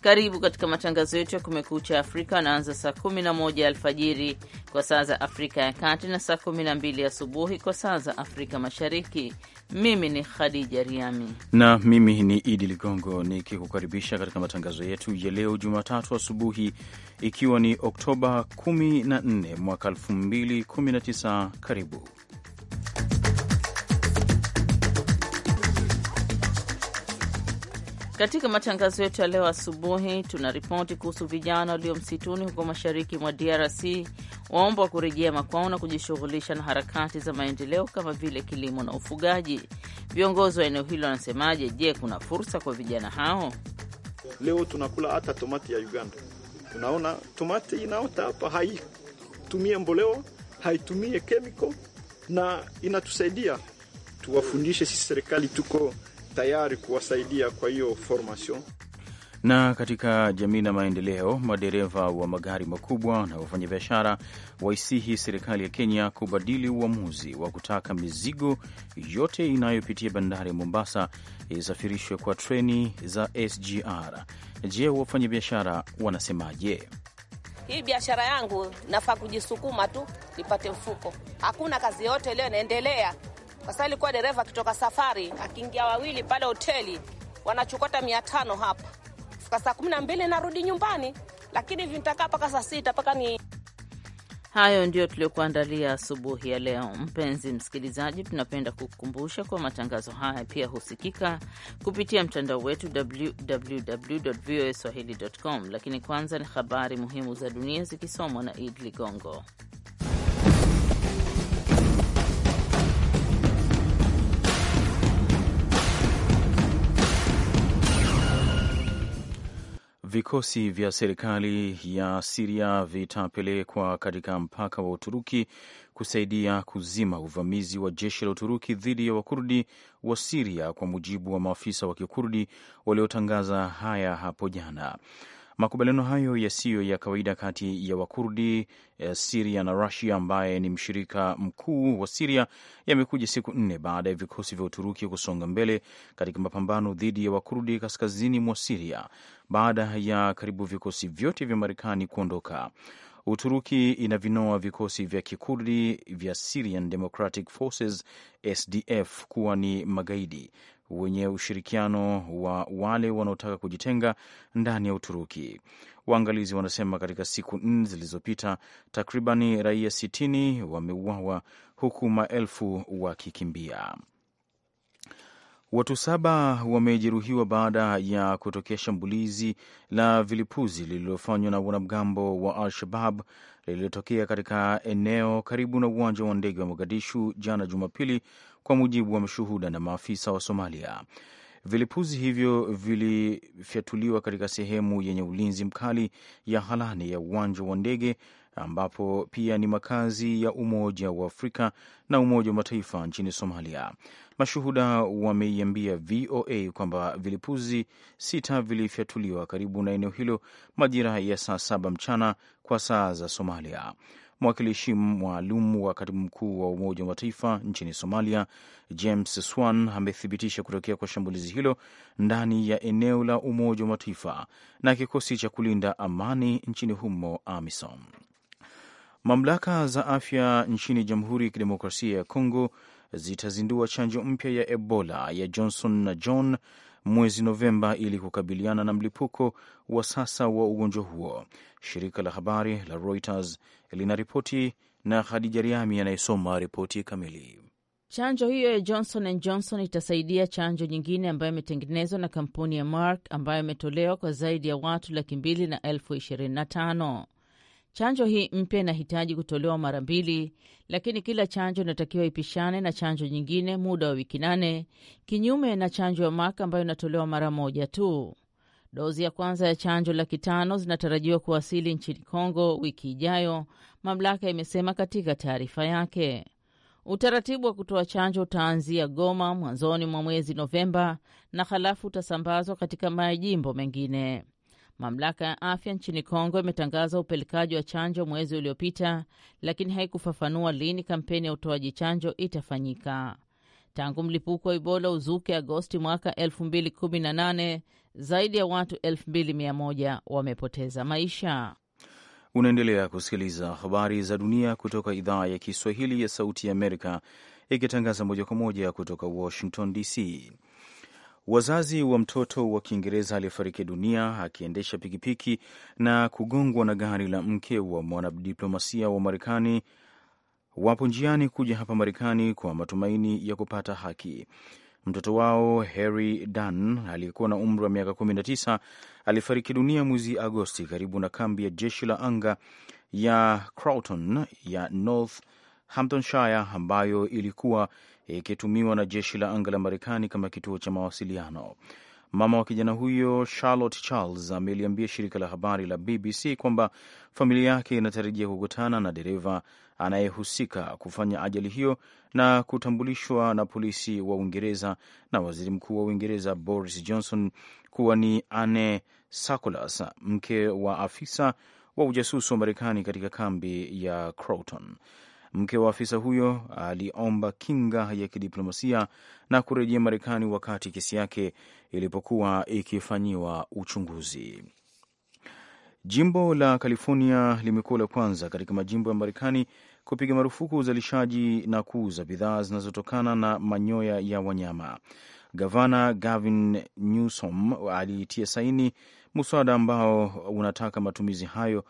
Karibu katika matangazo yetu ya Kumekucha Afrika anaanza saa 11 alfajiri kwa saa za Afrika ya Kati na saa 12 asubuhi kwa saa za Afrika Mashariki. Mimi ni Khadija Riami na mimi ni Idi Ligongo nikikukaribisha katika matangazo yetu ya leo Jumatatu asubuhi, ikiwa ni Oktoba 14 mwaka 2019. Karibu Katika matangazo yetu ya leo asubuhi, tuna ripoti kuhusu vijana walio msituni huko mashariki mwa DRC waombwa kurejea makwao na kujishughulisha na harakati za maendeleo kama vile kilimo na ufugaji. Viongozi wa eneo hilo wanasemaje? Je, kuna fursa kwa vijana hao? Leo tunakula hata tomati ya Uganda, tunaona tomati inaota hapa, haitumie mboleo, haitumie kemiko na inatusaidia. Tuwafundishe sisi serikali tuko tayari kuwasaidia kwa hiyo formation. Na katika jamii na maendeleo, madereva wa magari makubwa na wafanyabiashara waisihi serikali ya Kenya kubadili uamuzi wa kutaka mizigo yote inayopitia bandari ya Mombasa isafirishwe kwa treni za SGR. Je, wafanyabiashara wanasemaje? Hii biashara yangu nafaa kujisukuma tu nipate mfuko. Hakuna kazi yote leo inaendelea kwa sababu alikuwa dereva akitoka safari akiingia wawili pale hoteli wanachukota mia tano hapa fika saa kumi na mbili narudi nyumbani, lakini hivi nitakaa mpaka saa sita mpaka ni Hayo ndiyo tuliokuandalia asubuhi ya leo. Mpenzi msikilizaji, tunapenda kukukumbusha kwa matangazo haya pia husikika kupitia mtandao wetu www voa swahili com. Lakini kwanza ni habari muhimu za dunia zikisomwa na Id Ligongo. Vikosi vya serikali ya Siria vitapelekwa katika mpaka wa Uturuki kusaidia kuzima uvamizi wa jeshi la Uturuki dhidi ya Wakurdi wa Siria, kwa mujibu wa maafisa wa Kikurdi waliotangaza haya hapo jana. Makubaliano hayo yasiyo ya kawaida kati ya Wakurdi eh, Siria na Rusia, ambaye ni mshirika mkuu wa Siria, yamekuja siku nne baada ya vikosi vya Uturuki kusonga mbele katika mapambano dhidi ya Wakurdi kaskazini mwa Siria baada ya karibu vikosi vyote vya Marekani kuondoka. Uturuki inavinoa vikosi vya kikurdi vya Syrian Democratic Forces SDF kuwa ni magaidi wenye ushirikiano wa wale wanaotaka kujitenga ndani ya Uturuki. Waangalizi wanasema katika siku nne zilizopita takribani raia sitini wameuawa huku maelfu wakikimbia. Watu saba wamejeruhiwa baada ya kutokea shambulizi la vilipuzi lililofanywa na wanamgambo wa Al-Shabab lililotokea katika eneo karibu na uwanja wa ndege wa Mogadishu jana Jumapili, kwa mujibu wa mashuhuda na maafisa wa Somalia. Vilipuzi hivyo vilifyatuliwa katika sehemu yenye ulinzi mkali ya Halani ya uwanja wa ndege ambapo pia ni makazi ya Umoja wa Afrika na Umoja wa Mataifa nchini Somalia. Mashuhuda wameiambia VOA kwamba vilipuzi sita vilifyatuliwa karibu na eneo hilo majira ya saa saba mchana kwa saa za Somalia mwakilishi maalum wa katibu mkuu wa Umoja wa Mataifa nchini Somalia James Swan amethibitisha kutokea kwa shambulizi hilo ndani ya eneo la Umoja wa Mataifa na kikosi cha kulinda amani nchini humo AMISOM. Mamlaka za afya nchini Jamhuri ya Kidemokrasia ya Kongo zitazindua chanjo mpya ya Ebola ya Johnson na John mwezi Novemba ili kukabiliana na mlipuko wa sasa wa ugonjwa huo. Shirika la habari la Reuters linaripoti na Khadija Riami anayesoma ripoti kamili. Chanjo hiyo ya Johnson and Johnson itasaidia chanjo nyingine ambayo imetengenezwa na kampuni ya Merck ambayo imetolewa kwa zaidi ya watu laki mbili na elfu ishirini na tano. Chanjo hii mpya inahitaji kutolewa mara mbili, lakini kila chanjo inatakiwa ipishane na chanjo nyingine muda wa wiki nane, kinyume na chanjo ya Merck ambayo inatolewa mara moja tu. Dozi ya kwanza ya chanjo laki tano zinatarajiwa kuwasili nchini Kongo wiki ijayo, mamlaka imesema katika taarifa yake. Utaratibu wa kutoa chanjo utaanzia Goma mwanzoni mwa mwezi Novemba na halafu utasambazwa katika majimbo mengine. Mamlaka ya afya nchini Kongo imetangaza upelekaji wa chanjo mwezi uliopita, lakini haikufafanua lini kampeni ya utoaji chanjo itafanyika. Tangu mlipuko wa Ibola uzuke Agosti mwaka 2018 zaidi ya watu 2100 wamepoteza maisha. Unaendelea kusikiliza habari za dunia kutoka idhaa ya Kiswahili ya Sauti ya Amerika, ikitangaza moja kwa moja kutoka Washington DC. Wazazi wa mtoto wa Kiingereza aliyefariki dunia akiendesha pikipiki na kugongwa na gari la mke wa mwanadiplomasia wa Marekani wapo njiani kuja hapa Marekani kwa matumaini ya kupata haki. Mtoto wao Harry dan aliyekuwa na umri wa miaka 19 alifariki dunia mwezi Agosti karibu na kambi ya jeshi la anga ya Croughton ya Hamptonshire ambayo ilikuwa ikitumiwa na jeshi la anga la Marekani kama kituo cha mawasiliano. Mama wa kijana huyo Charlotte Charles ameliambia shirika la habari la BBC kwamba familia yake inatarajia kukutana na dereva anayehusika kufanya ajali hiyo na kutambulishwa na polisi wa Uingereza na waziri mkuu wa Uingereza Boris Johnson kuwa ni Anne sacolas mke wa afisa wa ujasusi wa Marekani katika kambi ya Crowton. Mke wa afisa huyo aliomba kinga ya kidiplomasia na kurejea Marekani wakati kesi yake ilipokuwa ikifanyiwa uchunguzi. Jimbo la California limekuwa la kwanza katika majimbo ya Marekani kupiga marufuku uzalishaji na kuuza bidhaa zinazotokana na manyoya ya wanyama. Gavana Gavin Newsom alitia saini muswada ambao unataka matumizi hayo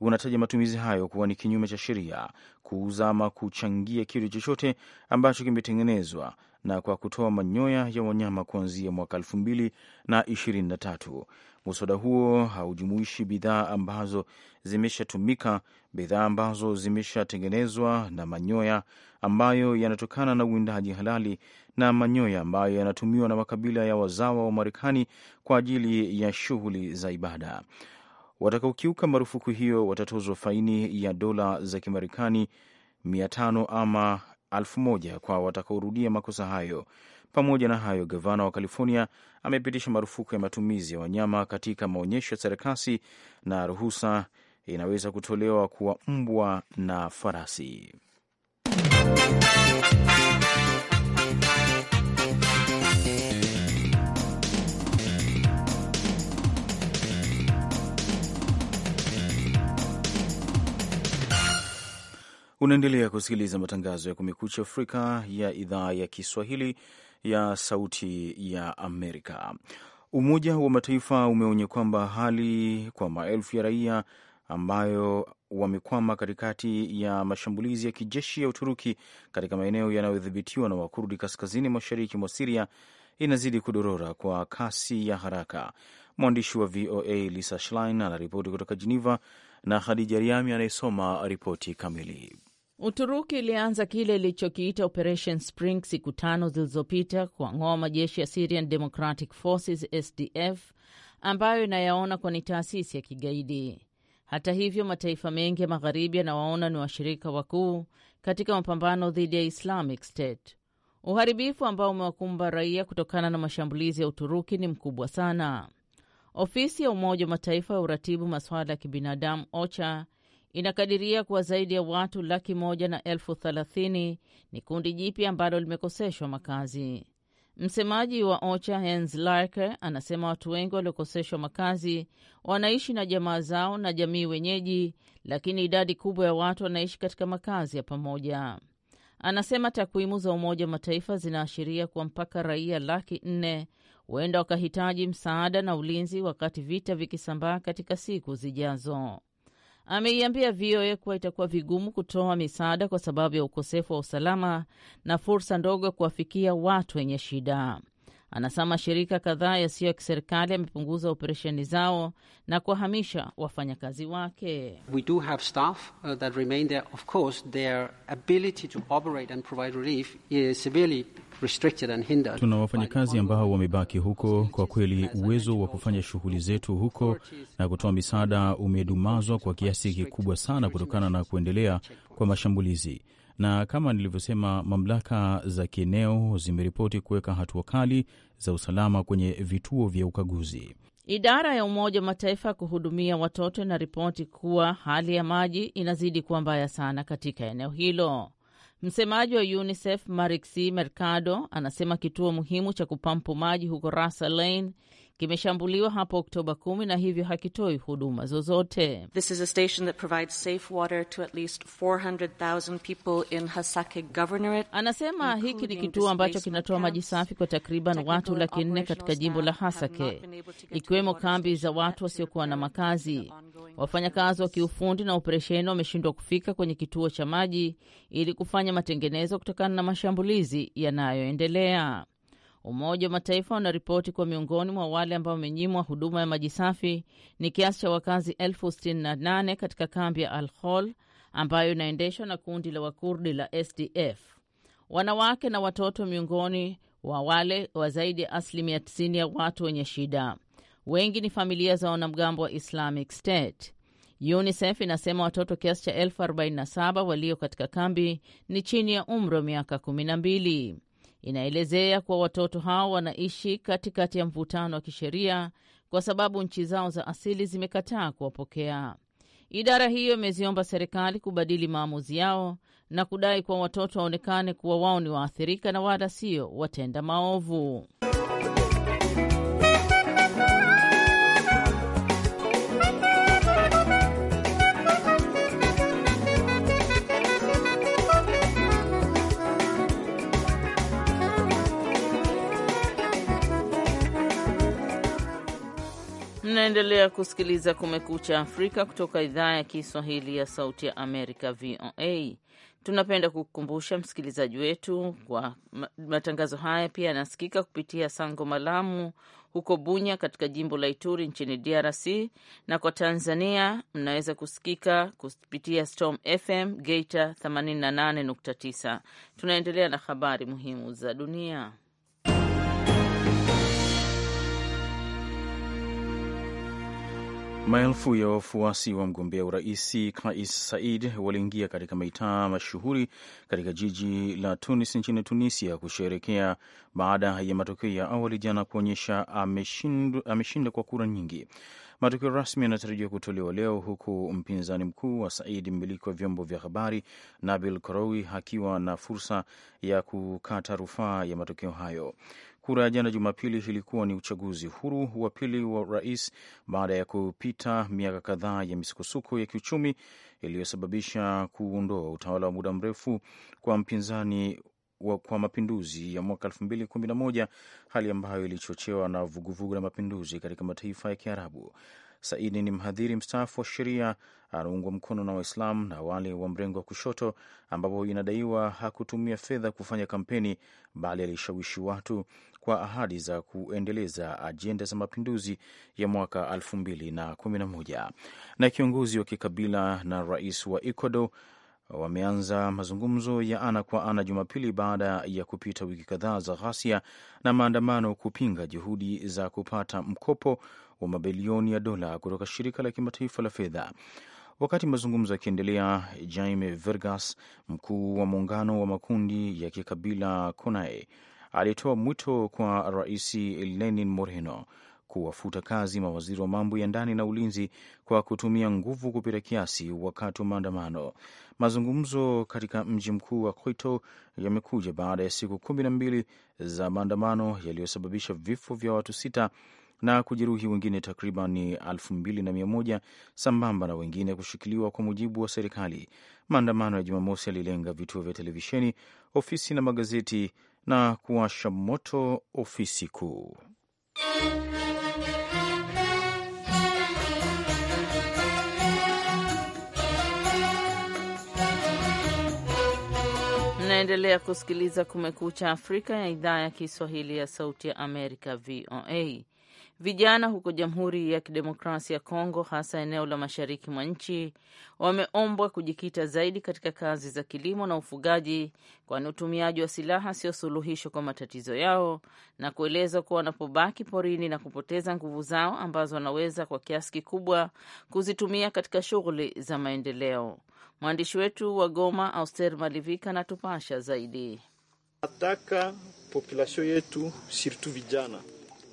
unataja matumizi hayo kuwa ni kinyume cha sheria, kuuza ama kuchangia kitu chochote ambacho kimetengenezwa na kwa kutoa manyoya ya wanyama kuanzia mwaka elfu mbili na ishirini na tatu. Muswada huo haujumuishi bidhaa ambazo zimeshatumika, bidhaa ambazo zimeshatengenezwa na manyoya ambayo yanatokana na uwindaji halali na manyoya ambayo yanatumiwa na makabila ya wazawa wa Marekani kwa ajili ya shughuli za ibada. Watakaokiuka marufuku hiyo watatozwa faini ya dola za Kimarekani 500 ama 1000 kwa watakaorudia makosa hayo. Pamoja na hayo, gavana wa California amepitisha marufuku ya matumizi ya wanyama katika maonyesho ya sarakasi na ruhusa inaweza kutolewa kuwa mbwa na farasi. Unaendelea kusikiliza matangazo ya Kumekucha Afrika ya idhaa ya Kiswahili ya Sauti ya Amerika. Umoja wa Mataifa umeonya kwamba hali kwa maelfu ya raia ambayo wamekwama katikati ya mashambulizi ya kijeshi ya Uturuki katika maeneo yanayodhibitiwa na Wakurdi kaskazini mashariki mwa Siria inazidi kudorora kwa kasi ya haraka. Mwandishi wa VOA Lisa Schlein anaripoti kutoka Jeneva na Khadija Riami anayesoma ripoti kamili. Uturuki ilianza kile ilichokiita Operation Spring siku tano zilizopita kuang'oa majeshi ya Syrian Democratic Forces SDF ambayo inayaona kuwa ni taasisi ya kigaidi. Hata hivyo, mataifa mengi ya magharibi yanawaona ni washirika wakuu katika mapambano dhidi ya Islamic State. Uharibifu ambao umewakumba raia kutokana na mashambulizi ya Uturuki ni mkubwa sana. Ofisi ya Umoja wa Mataifa ya uratibu masuala ya kibinadamu OCHA inakadiria kuwa zaidi ya watu laki moja na elfu thelathini ni kundi jipya ambalo limekoseshwa makazi. Msemaji wa OCHA hens Larke anasema watu wengi waliokoseshwa makazi wanaishi na jamaa zao na jamii wenyeji, lakini idadi kubwa ya watu wanaishi katika makazi ya pamoja. Anasema takwimu za Umoja wa Mataifa zinaashiria kuwa mpaka raia laki nne huenda wakahitaji msaada na ulinzi wakati vita vikisambaa katika siku zijazo ameiambia VOA kuwa itakuwa vigumu kutoa misaada kwa sababu ya ukosefu wa usalama na fursa ndogo ya kuwafikia watu wenye shida. Anasema mashirika kadhaa yasiyo ya kiserikali yamepunguza operesheni zao na kuwahamisha wafanyakazi wake. Tuna wafanyakazi ambao wamebaki huko. Kwa kweli, uwezo wa kufanya shughuli zetu huko na kutoa misaada umedumazwa kwa kiasi kikubwa sana kutokana na kuendelea kwa mashambulizi, na kama nilivyosema, mamlaka za kieneo zimeripoti kuweka hatua kali za usalama kwenye vituo vya ukaguzi. Idara ya Umoja wa Mataifa ya kuhudumia watoto inaripoti kuwa hali ya maji inazidi kuwa mbaya sana katika eneo hilo. Msemaji wa UNICEF Marixi Mercado anasema kituo muhimu cha kupampu maji huko Ras Alain kimeshambuliwa hapo Oktoba kumi na hivyo hakitoi huduma zozote. This is a station that provides safe water to at least 400,000 people in Hasake Governorate. Anasema hiki ni kituo ambacho kinatoa maji safi kwa takriban watu laki nne katika jimbo la Hasake, ikiwemo kambi za watu wasiokuwa na makazi. Wafanyakazi wa kiufundi na operesheni wameshindwa kufika kwenye kituo cha maji ili kufanya matengenezo kutokana na mashambulizi yanayoendelea. Umoja wa Mataifa unaripoti kwa miongoni mwa wale ambao wamenyimwa huduma ya maji safi ni kiasi cha wakazi elfu sitini na nane katika kambi ya Al Hol ambayo inaendeshwa na kundi la Wakurdi la SDF. Wanawake na watoto miongoni wa wale wa zaidi ya asilimia 90 ya watu wenye shida wengi ni familia za wanamgambo wa Islamic State. UNICEF inasema watoto kiasi cha elfu 47 walio katika kambi ni chini ya umri wa miaka 12. Inaelezea kuwa watoto hao wanaishi katikati ya mvutano wa kisheria kwa sababu nchi zao za asili zimekataa kuwapokea. Idara hiyo imeziomba serikali kubadili maamuzi yao na kudai kuwa watoto waonekane kuwa wao ni waathirika na wala sio watenda maovu. Unaendelea kusikiliza Kumekucha Afrika kutoka idhaa ya Kiswahili ya Sauti ya Amerika, VOA. Tunapenda kukukumbusha msikilizaji wetu kwa matangazo haya pia yanasikika kupitia Sango Malamu huko Bunya katika jimbo la Ituri nchini DRC, na kwa Tanzania mnaweza kusikika kupitia Storm FM Geita 88.9. Tunaendelea na habari muhimu za dunia. Maelfu ya wafuasi wa mgombea urais Kais Said waliingia katika mitaa mashuhuri katika jiji la Tunis nchini Tunisia kusherekea baada ya matokeo ya awali jana kuonyesha ameshinda kwa kura nyingi. Matokeo rasmi yanatarajiwa kutolewa leo, huku mpinzani mkuu wa Said, mmiliki wa vyombo vya habari Nabil Karoui, akiwa na fursa ya kukata rufaa ya matokeo hayo. Kura ya jana Jumapili ilikuwa ni uchaguzi huru wa pili wa rais baada ya kupita miaka kadhaa ya misukosuko ya kiuchumi iliyosababisha kuondoa utawala wa muda mrefu kwa mpinzani wa kwa mapinduzi ya mwaka moja, hali ambayo ilichochewa na vuguvugu la mapinduzi katika mataifa ya Kiarabu. Saidi ni mhadhiri mstaafu wa sheria, anaungwa mkono na Waislamu na wale wa mrengo wa kushoto, ambapo inadaiwa hakutumia fedha kufanya kampeni, bali alishawishi watu kwa ahadi za kuendeleza ajenda za mapinduzi ya mwaka 2011. Na kiongozi wa kikabila na rais wa Ecuador wameanza mazungumzo ya ana kwa ana Jumapili baada ya kupita wiki kadhaa za ghasia na maandamano kupinga juhudi za kupata mkopo wa mabilioni ya dola kutoka shirika la kimataifa la fedha. Wakati mazungumzo yakiendelea, Jaime vergas mkuu wa muungano wa makundi ya kikabila conae alitoa mwito kwa Rais Lenin Moreno kuwafuta kazi mawaziri wa mambo ya ndani na ulinzi kwa kutumia nguvu kupita kiasi wakati wa maandamano. Mazungumzo katika mji mkuu wa Quito yamekuja baada ya siku kumi na mbili za maandamano yaliyosababisha vifo vya watu sita na kujeruhi wengine takriban 2100 sambamba na wengine kushikiliwa, kwa mujibu wa serikali. Maandamano ya Jumamosi yalilenga vituo vya televisheni, ofisi na magazeti na kuwasha moto ofisi kuu. Naendelea kusikiliza Kumekucha Afrika ya idhaa ya Kiswahili ya Sauti ya Amerika, VOA. Vijana huko Jamhuri ya Kidemokrasia ya Kongo, hasa eneo la mashariki mwa nchi, wameombwa kujikita zaidi katika kazi za kilimo na ufugaji, kwani utumiaji wa silaha sio suluhisho kwa matatizo yao, na kuelezwa kuwa wanapobaki porini na kupoteza nguvu zao ambazo wanaweza kwa kiasi kikubwa kuzitumia katika shughuli za maendeleo. Mwandishi wetu wa Goma, Auster Malivika, anatupasha zaidi. Nataka populasio yetu sirtu vijana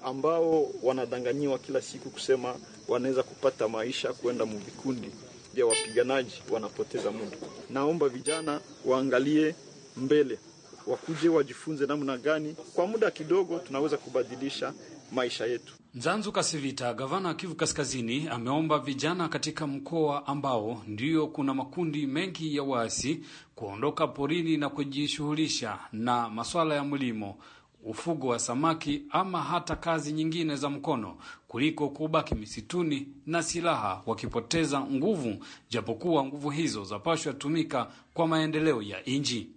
ambao wanadanganyiwa kila siku kusema wanaweza kupata maisha kwenda muvikundi vya wapiganaji, wanapoteza muda. Naomba vijana waangalie mbele, wakuje wajifunze namna gani kwa muda kidogo tunaweza kubadilisha maisha yetu. Nzanzu Kasivita, gavana wa Kivu Kaskazini, ameomba vijana katika mkoa ambao ndio kuna makundi mengi ya waasi kuondoka porini na kujishughulisha na masuala ya mlimo ufugo wa samaki ama hata kazi nyingine za mkono kuliko kubaki misituni na silaha wakipoteza nguvu, japokuwa nguvu hizo zapashwa tumika kwa maendeleo ya nchi.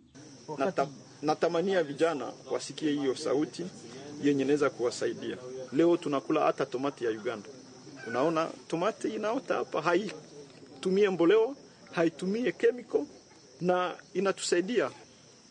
Nata, natamania vijana wasikie hiyo sauti yenye inaweza kuwasaidia. Leo tunakula hata tomati ya Uganda, unaona tomati inaota hapa, haitumie mboleo, haitumie kemiko na inatusaidia.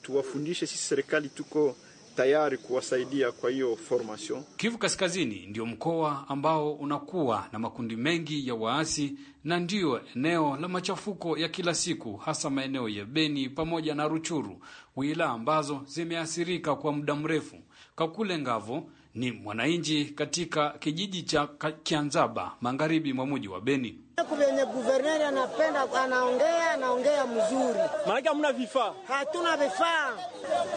Tuwafundishe sisi serikali tuko tayari kuwasaidia kwa hiyo formation. Kivu Kaskazini ndio mkoa ambao unakuwa na makundi mengi ya waasi na ndiyo eneo la machafuko ya kila siku, hasa maeneo ya Beni pamoja na Ruchuru, wilaya ambazo zimeathirika kwa muda mrefu. Kakule Ngavo ni mwananchi katika kijiji cha Kianzaba magharibi mwa mji wa Beni. Kuvenye guverneri anapenda anaongea anaongea mzuri, maana hamna vifaa, hatuna vifaa.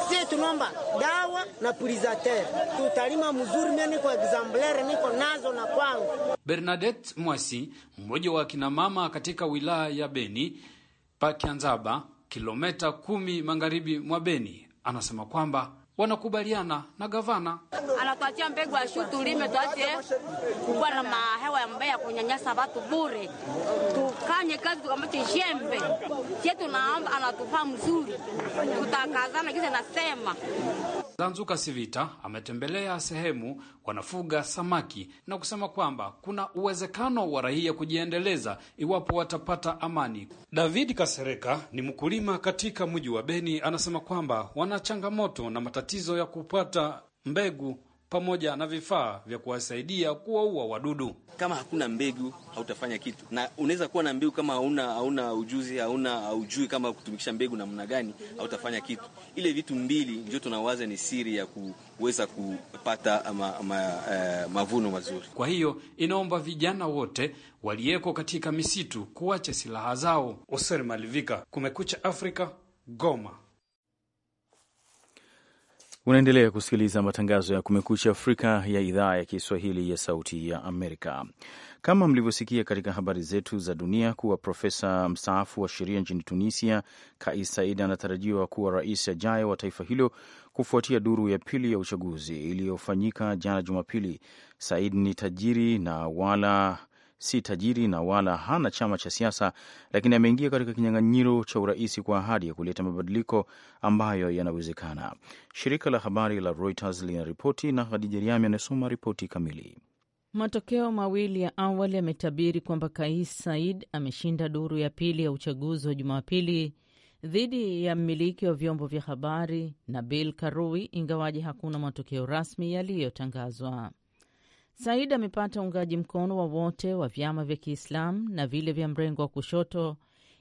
Si tunomba dawa na pulizater, tutalima mzuri. Mimi niko exemplaire, niko nazo na kwangu. Bernadette Mwasi, mmoja wa kina mama katika wilaya ya Beni pa Kianzaba, kilomita kumi magharibi mwa Beni, anasema kwamba wanakubaliana na gavana anatuachia mbegu ya shu tulime, tuache kukuwa na mahewa ya ya kunyanyasa watu bure, tukanye kazi tukamate shembe chetu. Naomba anatufaa mzuri, tutakazana kisa nasema zanzu Sivita ametembelea sehemu wanafuga samaki na kusema kwamba kuna uwezekano wa raia kujiendeleza iwapo watapata amani. David Kasereka ni mkulima katika mji wa Beni, anasema kwamba wana changamoto na matatizo ya kupata mbegu pamoja na vifaa vya kuwasaidia kuwaua wadudu. Kama hakuna mbegu hautafanya kitu, na unaweza kuwa na mbegu kama hauna hauna ujuzi hauna haujui kama kutumikisha mbegu namna gani, hautafanya kitu. Ile vitu mbili ndio tunawaza ni siri ya kuweza kupata ma, ma, eh, mavuno mazuri. Kwa hiyo inaomba vijana wote waliyeko katika misitu kuacha silaha zao. Oser Malivika, Kumekucha Afrika, Goma. Unaendelea kusikiliza matangazo ya Kumekucha Afrika ya idhaa ya Kiswahili ya Sauti ya Amerika. Kama mlivyosikia katika habari zetu za dunia kuwa profesa mstaafu wa sheria nchini Tunisia, Kais Saied anatarajiwa kuwa rais ajaye wa taifa hilo kufuatia duru ya pili ya uchaguzi iliyofanyika jana Jumapili. Said ni tajiri na wala si tajiri na wala hana chama cha siasa, lakini ameingia katika kinyang'anyiro cha urais kwa ahadi ya kuleta mabadiliko ambayo yanawezekana. Shirika la habari la Reuters linaripoti na Khadija Riami anasoma ripoti kamili. Matokeo mawili ya awali yametabiri kwamba Kais Said ameshinda duru ya pili ya uchaguzi wa Jumapili dhidi ya mmiliki wa vyombo vya habari Nabil karui ingawaji hakuna matokeo rasmi yaliyotangazwa. Said amepata uungaji mkono wa wote wa vyama vya Kiislamu na vile vya mrengo wa kushoto,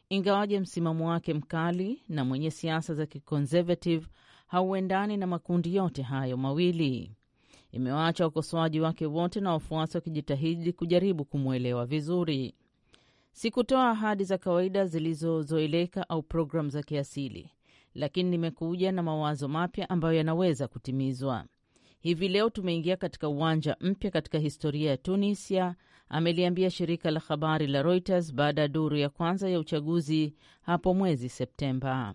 ingawaje msimamo wake mkali na mwenye siasa za kiconservative hauendani na makundi yote hayo mawili. Imewaacha wakosoaji wake wote na wafuasi wakijitahidi kujaribu kumwelewa vizuri. Sikutoa ahadi za kawaida zilizozoeleka au programu za kiasili, lakini nimekuja na mawazo mapya ambayo yanaweza kutimizwa. Hivi leo tumeingia katika uwanja mpya katika historia ya Tunisia, ameliambia shirika la habari la Reuters baada ya duru ya kwanza ya uchaguzi hapo mwezi Septemba.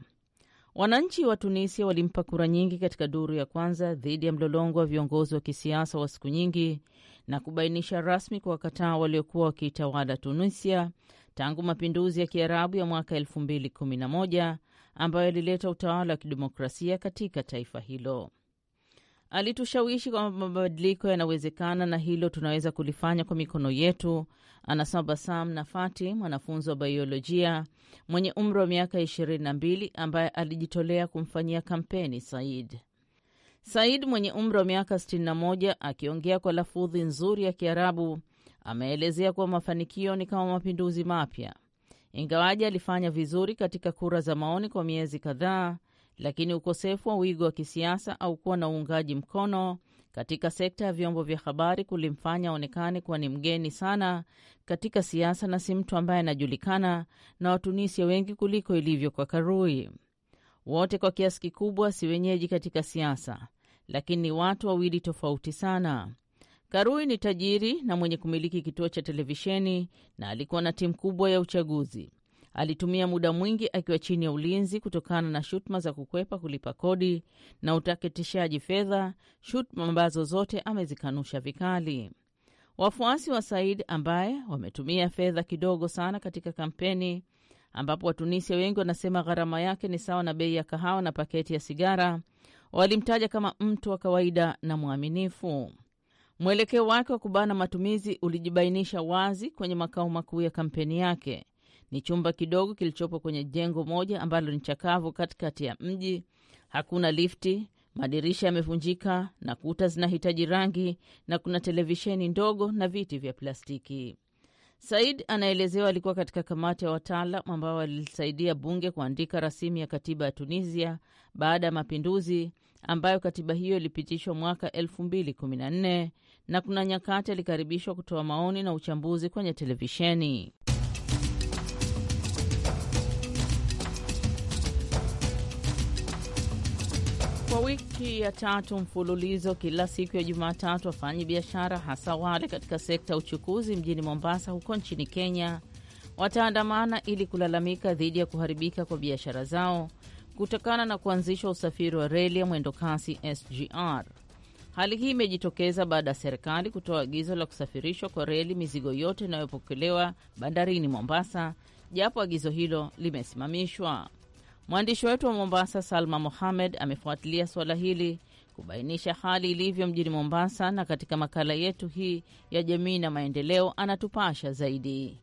Wananchi wa Tunisia walimpa kura nyingi katika duru ya kwanza dhidi ya mlolongo wa viongozi wa kisiasa wa siku nyingi na kubainisha rasmi kwa wakataa waliokuwa wakiitawala Tunisia tangu mapinduzi ya Kiarabu ya mwaka 2011 ambayo yalileta utawala wa kidemokrasia katika taifa hilo. Alitushawishi kwamba mabadiliko yanawezekana na hilo tunaweza kulifanya kwa mikono yetu, anasema Basam Nafati, mwanafunzi wa baiolojia mwenye umri wa miaka ishirini na mbili ambaye alijitolea kumfanyia kampeni Said. Said mwenye umri wa miaka 61 akiongea kwa lafudhi nzuri ya Kiarabu ameelezea kuwa mafanikio ni kama mapinduzi mapya. Ingawaji alifanya vizuri katika kura za maoni kwa miezi kadhaa, lakini ukosefu wa wigo wa kisiasa au kuwa na uungaji mkono katika sekta ya vyombo vya habari kulimfanya aonekane kuwa ni mgeni sana katika siasa na si mtu ambaye anajulikana na Watunisia wengi kuliko ilivyo kwa Karui. Wote kwa kiasi kikubwa si wenyeji katika siasa, lakini ni watu wawili tofauti sana. Karui ni tajiri na mwenye kumiliki kituo cha televisheni na alikuwa na timu kubwa ya uchaguzi. Alitumia muda mwingi akiwa chini ya ulinzi kutokana na shutuma za kukwepa kulipa kodi na utaketishaji fedha, shutuma ambazo zote amezikanusha vikali. Wafuasi wa Said ambaye wametumia fedha kidogo sana katika kampeni, ambapo Watunisia wengi wanasema gharama yake ni sawa na bei ya kahawa na paketi ya sigara, walimtaja kama mtu wa kawaida na mwaminifu. Mwelekeo wake wa kubana matumizi ulijibainisha wazi kwenye makao makuu ya kampeni yake ni chumba kidogo kilichopo kwenye jengo moja ambalo ni chakavu katikati ya mji. Hakuna lifti, madirisha yamevunjika na kuta zinahitaji rangi, na kuna televisheni ndogo na viti vya plastiki. Said anaelezewa alikuwa katika kamati ya wataalam ambao walisaidia bunge kuandika rasimu ya katiba ya Tunisia baada ya mapinduzi, ambayo katiba hiyo ilipitishwa mwaka 2014 na kuna nyakati alikaribishwa kutoa maoni na uchambuzi kwenye televisheni. Kwa wiki ya tatu mfululizo, kila siku ya Jumatatu, wafanyi biashara hasa wale katika sekta ya uchukuzi mjini Mombasa huko nchini Kenya wataandamana ili kulalamika dhidi ya kuharibika kwa biashara zao kutokana na kuanzishwa usafiri wa reli ya mwendo kasi SGR. Hali hii imejitokeza baada ya serikali kutoa agizo la kusafirishwa kwa reli mizigo yote inayopokelewa bandarini Mombasa, japo agizo hilo limesimamishwa. Mwandishi wetu wa Mombasa, Salma Mohamed, amefuatilia suala hili kubainisha hali ilivyo mjini Mombasa, na katika makala yetu hii ya jamii na maendeleo anatupasha zaidi.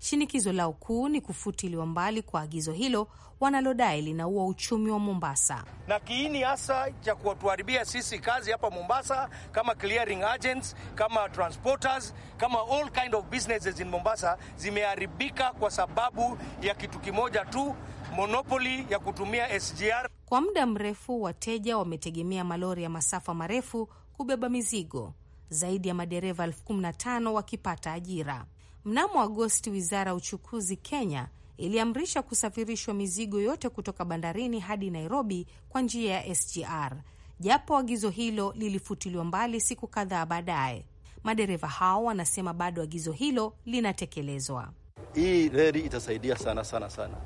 Shinikizo lao kuu ni kufutiliwa mbali kwa agizo hilo wanalodai linaua uchumi wa Mombasa, na kiini hasa cha kuwatuharibia sisi kazi hapa Mombasa kama clearing agents, kama transporters, kama all kind of businesses in Mombasa zimeharibika kwa sababu ya kitu kimoja tu monopoli ya kutumia SGR. Kwa muda mrefu wateja wametegemea malori ya masafa marefu kubeba mizigo, zaidi ya madereva elfu kumi na tano wakipata ajira. Mnamo Agosti, wizara ya uchukuzi Kenya iliamrisha kusafirishwa mizigo yote kutoka bandarini hadi Nairobi kwa njia ya SGR, japo agizo hilo lilifutiliwa mbali siku kadhaa baadaye. Madereva hao wanasema bado agizo hilo linatekelezwa. Hii reli itasaidia sana sana sana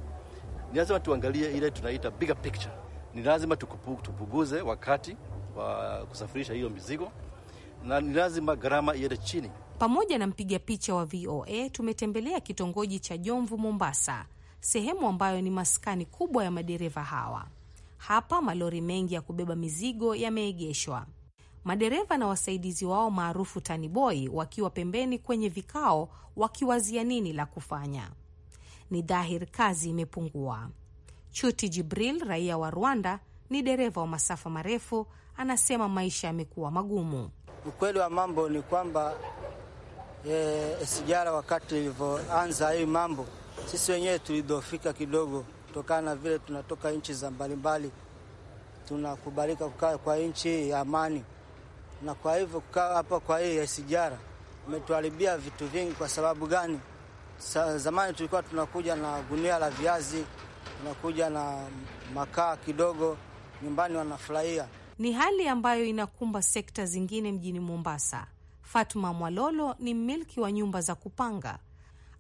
ni lazima tuangalie ile tunaita bigger picture. Ni lazima tupunguze wakati wa kusafirisha hiyo mizigo na ni lazima gharama iende chini. Pamoja na mpiga picha wa VOA tumetembelea kitongoji cha Jomvu, Mombasa, sehemu ambayo ni maskani kubwa ya madereva hawa. Hapa malori mengi ya kubeba mizigo yameegeshwa, madereva na wasaidizi wao maarufu taniboi wakiwa pembeni kwenye vikao, wakiwazia nini la kufanya ni dhahiri kazi imepungua. Chuti Jibril, raia wa Rwanda, ni dereva wa masafa marefu, anasema maisha yamekuwa magumu. Ukweli wa mambo ni kwamba e, eh, sijara wakati ilivyoanza hii mambo, sisi wenyewe tulidhofika kidogo, kutokana na vile tunatoka nchi za mbalimbali, tunakubalika kukaa kwa nchi ya amani, na kwa hivyo kukaa hapa kwa hii sijara imetuharibia vitu vingi. Kwa sababu gani? Sa, zamani tulikuwa tunakuja na gunia la viazi, tunakuja na makaa kidogo, nyumbani wanafurahia. Ni hali ambayo inakumba sekta zingine mjini Mombasa. Fatma Mwalolo ni mmiliki wa nyumba za kupanga.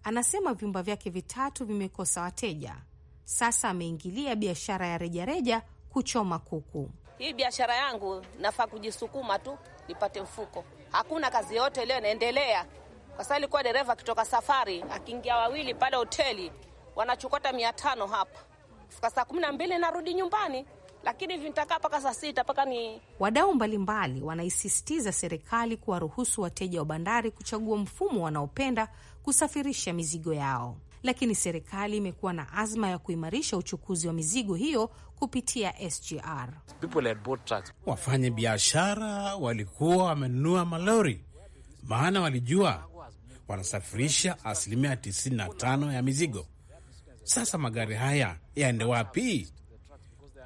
Anasema vyumba vyake vitatu vimekosa wateja. Sasa ameingilia biashara ya rejareja kuchoma kuku. Hii biashara yangu nafaa kujisukuma tu nipate mfuko, hakuna kazi yote leo inaendelea kwa sababu ilikuwa dereva akitoka safari akiingia wawili pale hoteli wanachukota mia tano hapa, fika saa kumi na mbili narudi nyumbani lakini hivi nitakaa mpaka saa sita mpaka ni. Wadau mbalimbali wanaisisitiza serikali kuwaruhusu wateja wa bandari kuchagua mfumo wanaopenda kusafirisha mizigo yao, lakini serikali imekuwa na azma ya kuimarisha uchukuzi wa mizigo hiyo kupitia SGR. Wafanya biashara walikuwa wamenunua malori, maana walijua wanasafirisha asilimia 95 ya mizigo. Sasa magari haya yaende wapi?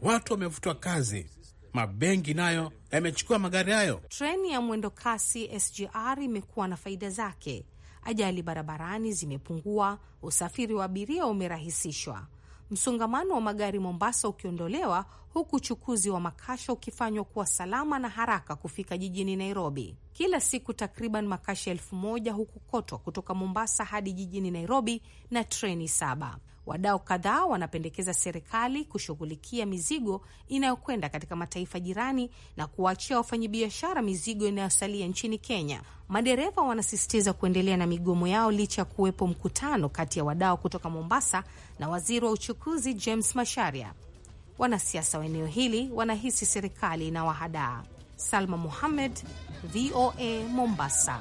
Watu wamefutwa kazi, mabenki nayo yamechukua magari hayo. Treni ya mwendo kasi SGR imekuwa na faida zake. Ajali barabarani zimepungua, usafiri wa abiria umerahisishwa, msongamano wa magari Mombasa ukiondolewa, huku uchukuzi wa makasha ukifanywa kuwa salama na haraka kufika jijini Nairobi. Kila siku takriban makasha elfu moja hukokotwa kutoka Mombasa hadi jijini Nairobi na treni saba. Wadau kadhaa wanapendekeza serikali kushughulikia mizigo inayokwenda katika mataifa jirani na kuwaachia wafanyabiashara mizigo inayosalia nchini Kenya. Madereva wanasisitiza kuendelea na migomo yao licha ya kuwepo mkutano kati ya wadau kutoka Mombasa na waziri wa uchukuzi James Masharia. Wanasiasa wa eneo hili wanahisi serikali inawahadaa. Salma Muhammed, VOA Mombasa.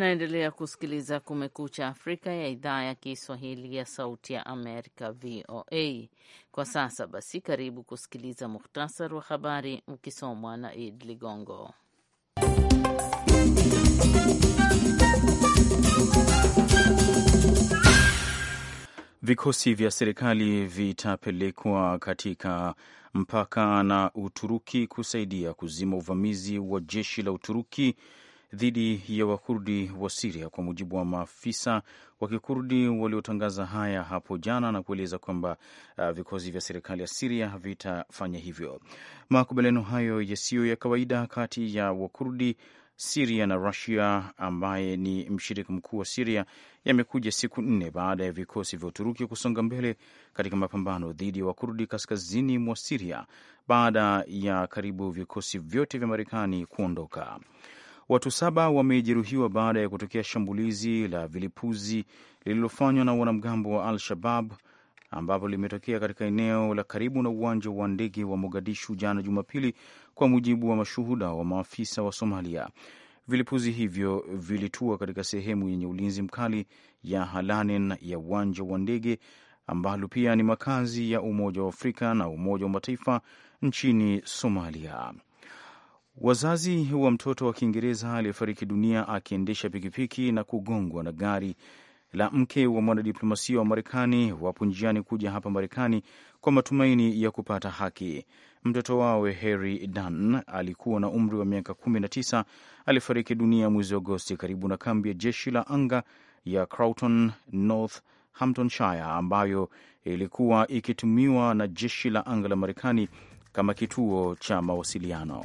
Mnaendelea kusikiliza Kumekucha Afrika ya idhaa ya Kiswahili ya Sauti ya Amerika, VOA. Kwa sasa basi, karibu kusikiliza muhtasari wa habari ukisomwa na Id Ligongo. Vikosi vya serikali vitapelekwa katika mpaka na Uturuki kusaidia kuzima uvamizi wa jeshi la Uturuki dhidi ya Wakurdi wa Siria, kwa mujibu wa maafisa wa Kikurdi waliotangaza haya hapo jana na kueleza kwamba uh, vikosi vya serikali ya Siria vitafanya hivyo. Makubaliano hayo yasiyo ya kawaida kati ya Wakurdi Siria na Rusia ambaye ni mshirika mkuu wa Siria yamekuja siku nne baada ya vikosi vya Uturuki kusonga mbele katika mapambano dhidi ya Wakurdi kaskazini mwa Siria baada ya karibu vikosi vyote vya Marekani kuondoka. Watu saba wamejeruhiwa baada ya kutokea shambulizi la vilipuzi lililofanywa na wanamgambo wa Al-Shabab ambapo limetokea katika eneo la karibu na uwanja wa ndege wa Mogadishu jana Jumapili, kwa mujibu wa mashuhuda wa maafisa wa Somalia. Vilipuzi hivyo vilitua katika sehemu yenye ulinzi mkali ya Halanen ya uwanja wa ndege ambalo pia ni makazi ya Umoja wa Afrika na Umoja wa Mataifa nchini Somalia. Wazazi wa mtoto wa Kiingereza aliyefariki dunia akiendesha pikipiki na kugongwa na gari la mke wa mwanadiplomasia wa Marekani wapo njiani kuja hapa Marekani kwa matumaini ya kupata haki. Mtoto wao Harry Dunn alikuwa na umri wa miaka 19 alifariki dunia mwezi Agosti karibu na kambi ya jeshi la anga ya Croughton, Hamptonshire, ambayo ilikuwa ikitumiwa na jeshi la anga la Marekani kama kituo cha mawasiliano.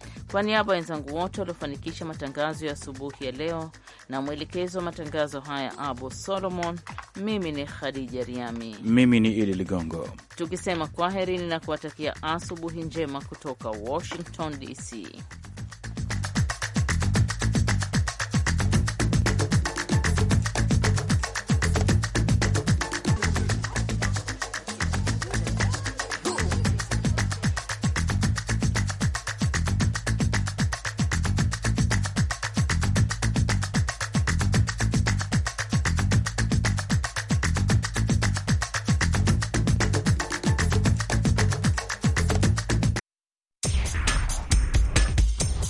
Kwa niaba ya wenzangu wote waliofanikisha matangazo ya asubuhi ya leo na mwelekezi wa matangazo haya Abu Solomon, mimi ni Khadija Riami, mimi ni Idi Ligongo, tukisema kwaherini na kuwatakia asubuhi njema kutoka Washington DC.